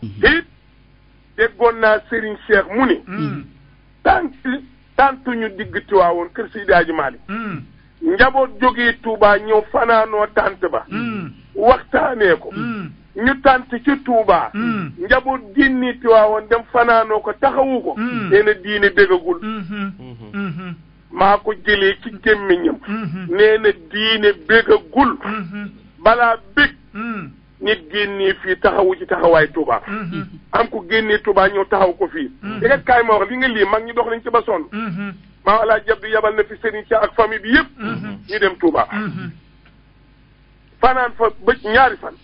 te mhm. it déggoon naa Serigne mu ni tant tant ñu digg Tiwaawoon kër Seydi Hadji mhm. njaboot jógee Touba ñëw fanaanoo tant ba mhm. waxtaanee ko ñu tant ci Touba njaboot génnee Tiwaawoon dem fanaanoo ko taxawu ko nee na diine bégagul maa ko jëlee ci gémmiñam nee na diine bégagul balaa bég nit génnee fii taxawu ci taxawaay Touba. Mm-hmm. am ko génne Touba ñoo taxaw ko fii. da mm-hmm. nga kaay wax li nga lii mag ñi dox nañ ci ba sonn. maa laa jab di yabal na fi sëriñ ca ak famille bi yëpp. Mm-hmm. ñu dem Touba. fanaan fa ba ñaari fan.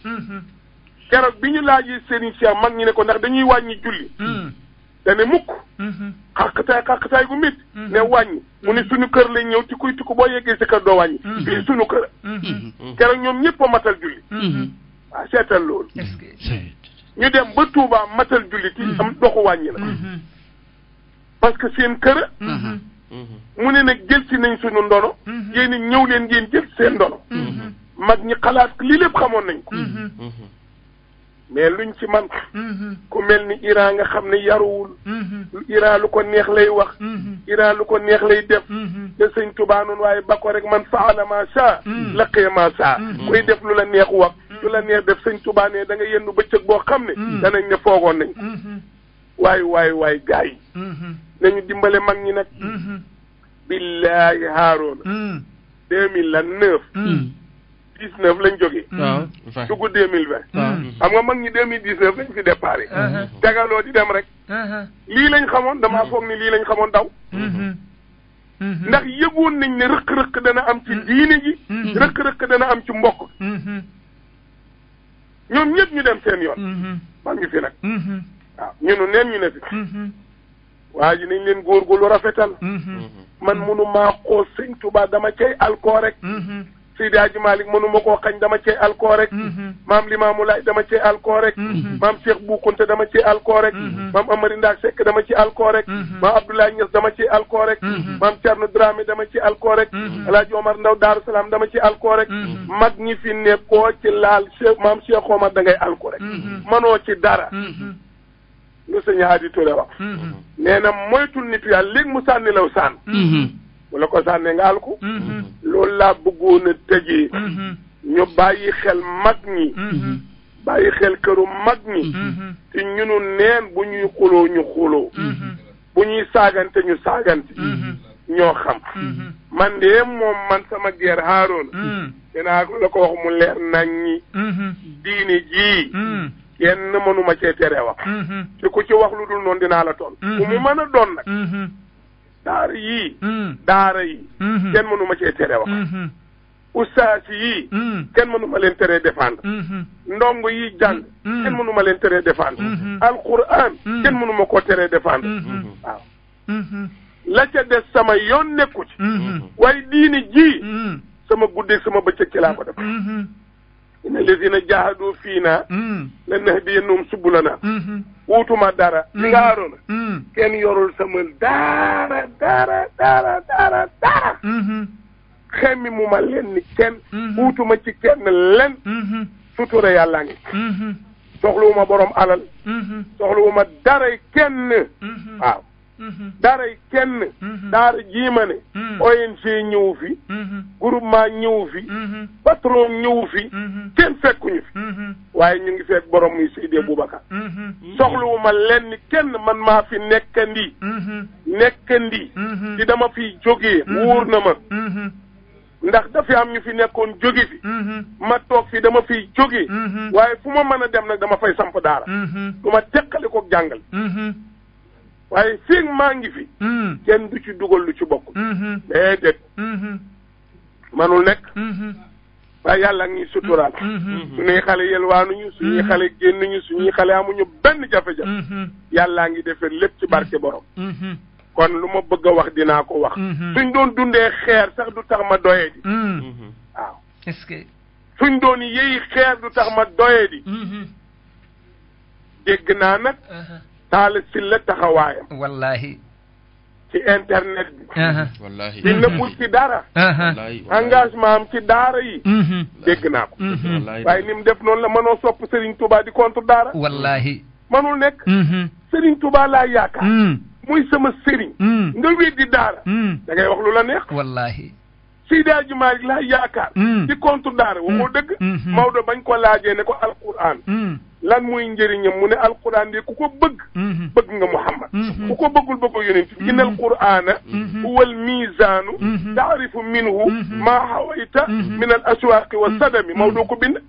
keroog bi ñu laajee sëriñ ca mag ñi ne ko ndax dañuy wàññi julli. Mm. dane mukk xaqtaay xaqtaay gu mit ne wàññi mu ne suñu kër lañ ñëw ti kuy ti ku boo yeggee sa kër doo fii suñu kër keroog ñoom ñëpp matal julli waaw ah, seetal loolu. ñu dem ba Touba matal jullit yi mm-hmm. am doxu wàññi la. Mm-hmm. parce que seen kër. Mm-hmm. mu ne nag jël si nañ suñu ndono. yéen it ñëw leen ngeen jël seen ndono. mag ñi xalaat li lépp xamoon nañ ko. mais luñ ci man ku mel ni Iran nga xam ne yaruwul. Iran lu ko neex lay wax. Iran lu ko neex lay def. te sëñ Touba noonu waaye ba ko rek man faala saa. laqee ma saa. koy def lu la neex wax. su la def sëñ Tuubaa ne da nga yenn bëccëg boo xam ne mm. danañ ne foogoon nañ mm-hmm. waay waay waay gars yi mm-hmm. nañu dimbale mag ñi nag mm-hmm. billaahi haaroona mm. deux mille la neuf mm. dix lañ jógee dugg deux mille vingt xam nga mag ñi deux mille dix neuf lañ fi déparé dagaloo uh-huh. di dem rek uh-huh. lii lañ xamoon damaa foog ni lii lañ xamoon daw ndax yëgoon nañ ne rëq-rëq dana am ci diine ji rëq-rëq dana am ci mbokk ñoom ñëpp ñu dem seen yoon. Mm-hmm. maa ngi fi nag. Mm-hmm. waaw ñunu neen ñu ne fi. Mm-hmm. waa ji nañ leen rafetal. man munu maa xool sëñ Tuba dama cay alcool rek. Seydi Hadji Malick mënuma koo xañ dama cee alkool rek mhm. maam Limaamu Laay dama cee alkool rek mhm. maam Cheikh Bou Kounta dama cee alkool mhm. maam Amari Ndaak Seck dama ci alkool rek maam Abdoulaye Niass dama ci alkool rek maam ci alkool rek Alaaji Omar Ndaw Daaru Salaam dama ci alkool mag ñi fi ne koo ci laal Cheikh maam Cheikh Omar da ngay alkool ci dara lu sëñ Hadi Touré wax nee na moytul nitu yàlla mu sànni law saan bu la ko sànnee nga al ko mm-hmm. loolu laa bëggoon a mm-hmm. ñu bàyyi xel mag ñi mm-hmm. bàyyi xel këru mag ñi te ñunu neen bu ñuy xuloo ñu xuloo bu ñuy saagante ñu saagante ñoo xam man de moom man sama geer Haaruna mm. dinaa la ko wax mu leer nañ ñi diini jii mm. kenn mënuma cee tere wax te ku ci wax lu dul noonu dinaa la toon bu mu mën a doon nag daara yii hmm. daara yi hmm. kenn mënu ma cee tere wax hmm. ustaas yii kenn mënu ma leen teree défendre ndongo yi jàng kenn mënu ma leen teree défendre alquran kenn mënu koo teree défendre la ca des sama yoon nekku ci waaye diini ji sama guddeeg sama bëccëg ci laa ko def inna lazina jahadu fii naa la nahdiyannahum subulana wutuma dara. Mm. li mm. kenn yorul sama dara dara dara dara dara. Mm-hmm. xemmi mu ma leen ni kenn. Mm-hmm. wutuma ci kenn len mm-hmm. sutura yàlla ngi. soxluwuma borom alal. soxluwuma daray kenn. waaw. Mm-hmm. dara kenn mm-hmm. daara jiima ne mm-hmm. ONG ñëw fi groupement ñëw fi patron ñëw fi kenn fekkuñu fi waaye ñu ngi fekk borom muy Seydi Aboubacar soxluwuma lenn kenn man maa fi nekkandi nekkandi di dama fi jógee wóor na ma ndax dafa am ñu fi nekkoon jóge fi ma toog fi dama fi jógee waaye fu ma mën a dem nag dama fay samp daara du ma teqale ko jàngal waaye feeg maa ngi fi. Hmm. kenn du ci dugal lu ci bokk. déedéet. manul nekk. waaye yàlla ngi suturaal. suñuy xale yelwaanuñu suñuy xale génnuñu suñuy xale amuñu benn jafe-jafe. yàllaa ngi defee lépp ci barke borom. kon lu ma bëgg a wax dinaa ko wax. suñ doon dundee xeer sax du tax ma doyee hmm. waaw est-ce doon yéy xeer du tax ma doyee dégg naa nag. Uh-huh. Talla Sylla taxawaayam. wallaahi. ci internet bi. wallaahi ci nëbbul ci dara. engagement am ci daara yi. Mhm. dégg naa ko. Mhm. waaye ni mu def noonu la mënoo sopp Serigne Touba di contre daara. wallaahi. manul nekk. Mhm. Serigne Touba laa yaakaar. muy sama Serigne. nga weddi daara. da ngay wax lu la neex. wallaahi. Seydi Hadji laa yaakaar. di contre daara waxoo dëgg. Maodo bañ ko laajee ne ko alquran. lan mooy njëriñam mu ne alquran de ku ko bëgg mhm. bëgg nga muhammad mhm. ku ko bëggul bëgg yonent bi mhm. inna alqurana huwa almizaanu taarifu minhu maa hawayta min al aswaaqi wa sadami maw doo ko bind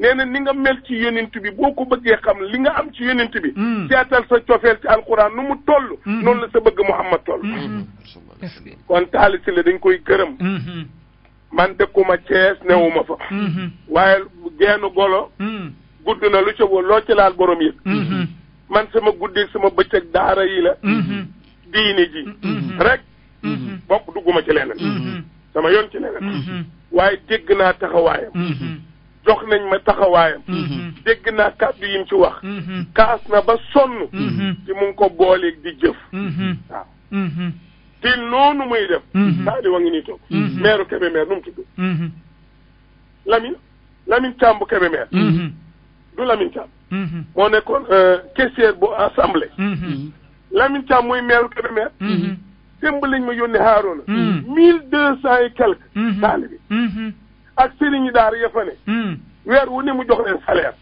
nee ni nga mel ci yonent bi boo ko bëggee xam li nga am ci yonent bi seetal sa cofeel ci alquran nu mu toll noonu la sa bëgg muhammad toll kon taalisi la dañ koy gërëm man dëkkuma Cees newuma fa waaye geenu golo gudd na lu ca woo ci laal borom yëg mm-hmm. man sama guddeeg sama bëccëg daara yi la mm-hmm. diine ji mm-hmm. rek bokk dugguma ci leneen sama yoon ci leneen waaye dégg naa taxawaayam jox nañ ma taxawaayam dégg naa yi yim ci wax kaas na ba sonn ci mu ngi ko booleeg di jëf waaw te noonu muy def saa ngi nii toog meeru Kébémer nu tudd Lamine Lamine Thiam bu du Lamine Thiam. Mm-hmm. moo nekkoon euh, caissière bu assemblée. Mm-hmm. Mm-hmm. Lamine Thiam mooy maire Kébémer. démb lañ ma yónnee Haarona. mil deux cent et quelque. taalibe ak sëriñ daara ya weer wu ne mu jox leen salaire.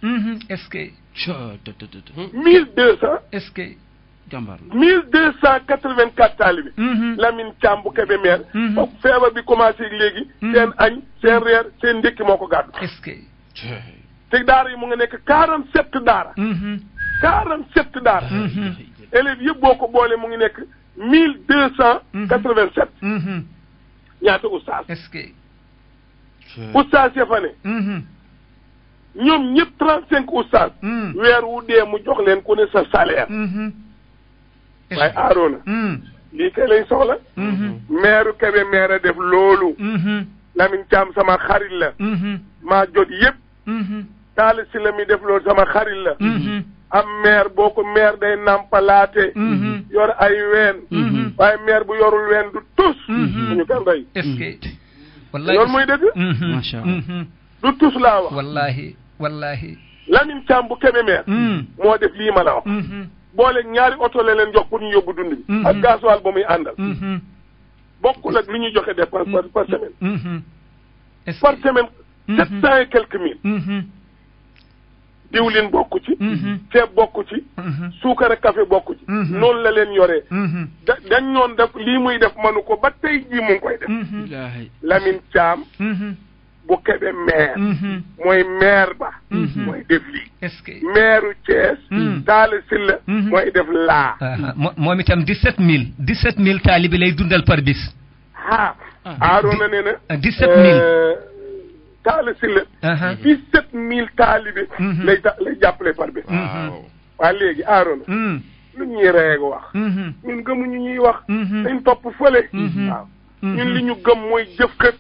est mille deux cent. est-ce que mille deux cent quatre-vingt-quatre taalibe bi. Lamine Thiam bu Kébémer. feebar bi commencé léegi. seen añ seen reer seen ndékki moo ko gàddu. est te daara yi mu nga nekk quarante sept daara mm-hmm. quarante sept daara mm-hmm. élèves yëpp boo ko boolee mu ngi nekk mil deux cent quatre vingt sept mm-hmm. ñaata oustaz est ya fa ñoom ñëpp trente cinq oustaz mm. weer wu dee mu jox leen ko ne sa salaire waaye aaroona mm. lii kay lañ soxla maire Kébé maire a def loolu Lamine Thiam sama xarit la maa jot yëpp taal si mi def loolu sama xarit la mm-hmm. am meer boo ko meer day nàmpalaate mm-hmm. yor ay ween mm-hmm. waaye meer bu yorul ween du tus ñu kan rey loolu muy dëgg macha allah du mm. def lii ma la wax boole ñaari oto la leen jox pour ñu yóbbu dund bi ak gasoil ba muy àndal bokkul ak lu joxe dépense par semaine par semaine sept diwlin bokku ci mhm. ceeb bokku ci mhm. suukar ak café bokku mhm. la leen yoree da dañ lii muy def manu ko ba tey jii mu ngi koy def Lamine Thiam bu kebe maire mooy maire ba mooy def lii maireu Thiès Talla Sylla mooy def laa ah, ah, moom itam dix-sept mille dix dundal par bis ah, ah. Arouna Talla Sylla. 17000 taalibe. Mm-hmm. lay lay jàppale par bés. Mm-hmm. waaw léegi Arona. Mm-hmm. lu ñuy reeg wax. ñun gëmuñu ñuy wax. dañ topp fële. waaw ñun li ñu gëm mooy jëf kat.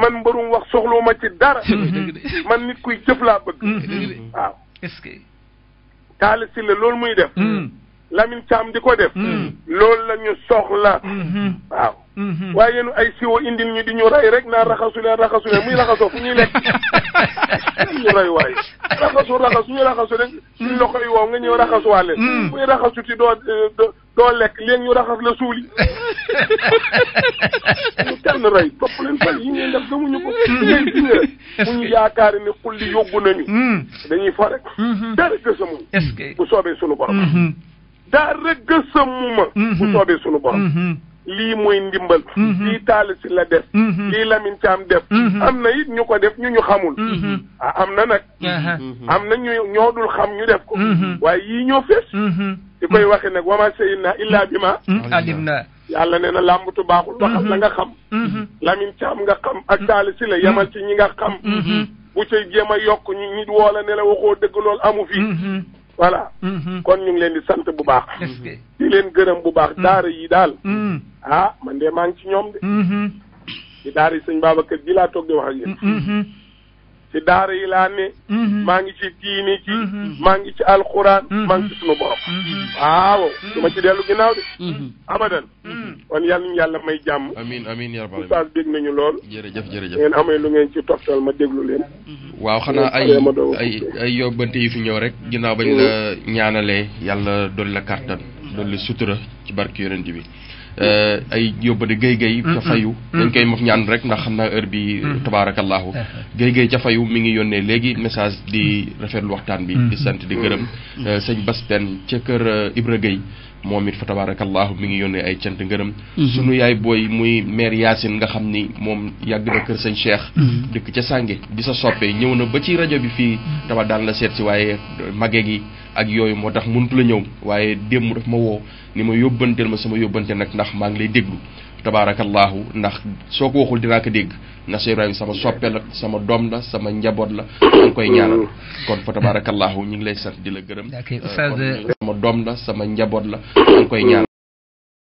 man mbarum wax soxloo ma ci dara. man nit kuy jëf laa bëgg. waaw. est loolu muy def. Lamine Thiam di ko def. Hmm. lool la ñu soxla. Hmm. waaw. Hmm. waaye yéen ay siwo indil ñu di ñu rey rek naa raxasu leen raxasu leen muy raxasoo fu ñuy lekk. ñu rey waaye raxasu raxasu ñu raxasu rek suñu loxo yi wow nga ñëw raxasuwaale. raxasu ci eh, doo doo lekk léegi ñu raxas la suuli ñu kenn topp leen fay yi ngeen ko. léegi gis ñu yaakaar ne xulli yóbbu nañu. dañuy fa rek. dara gësamuñ. est-ce soobee sunu borom. daa rëgg sëmmuma mhm. bu soobee sunu borom mhm. lii mooy ndimbal mhm. lii taali si la def lii Lamine Thiam def am na it ñu ko def ñu ñu xamul ah am na nag uh-huh. am na ñu ñoo dul xam ñu def ko waaye yii ñoo fees di koy waxe nag wama sey na illaa bi ma alim na yàlla nee na làmbatu baaxul ba xam la nga xam Lamine Thiam nga xam ak taali si la yamal ci ñi nga xam bu cay jéem a yokk ñu ñu woola ne la waxoo dëgg loolu amu fi voilà mm-hmm. kon ñu ngi leen di sant bu baax di leen gërëm bu baax mm. daara yi daal mm. ah man de maa ci ñoom de mm-hmm. ci daara yi sëñ Babacar ji laa toog di wax ak yéen mm-hmm. ci daara yi laa ne maa ngi ci diini ci maa ngi ci alxuraan maa ngi ci sunu borom waaw du ma ci dellu ginnaaw de abadan kon yàlla ñu yàlla may jàmm. amiin amiin yaa rabbal aalamiin dégg nañu lool. jërëjëf jërëjëf ngeen amee lu ngeen ci toftal ma déglu leen. Mm-hmm. waaw xanaa ay ay ay yóbbante yi fi ñëw rek. ginnaaw bañ la mm-hmm. ñaanalee yàlla dool la kàttan dolli sutura ci barke yonent bi Euh, ay yóbbade géy géy ca fayu dañ koy mof rek ndax xam naa heure bi euh, tabaarakallaahu eh, eh. géy géy ca fayu mi ngi yónnee léegi message di rafetlu waxtaan bi di sant di gërëm euh, sëñ Bas ca kër Ibra moom it fa mi ngi yónnee ay cant ngërëm sunu yaay booy muy maire Yacine nga xam ni moom yàgg na kër sañ Cheikh dëkk ca Sànge di sa soppe ñëw na ba ci rajo bi fii taba daan la seet si waaye mage gi ak yooyu moo tax mënutu la ñëw waaye démb daf ma woo ni ma yóbbanteel ma sama yóbbante nag ndax maa ngi lay déglu tabaarakallaahu ndax soo ko waxul dinaa ko dégg ndax Cheikh Ibrahima sama soppe la sama doom la sama njaboot la danga koy ñaanal kon fa tabaarakallaahu ñu ngi lay sant di la gërëm euh, sama doom la sama njaboot la danga koy ñaanal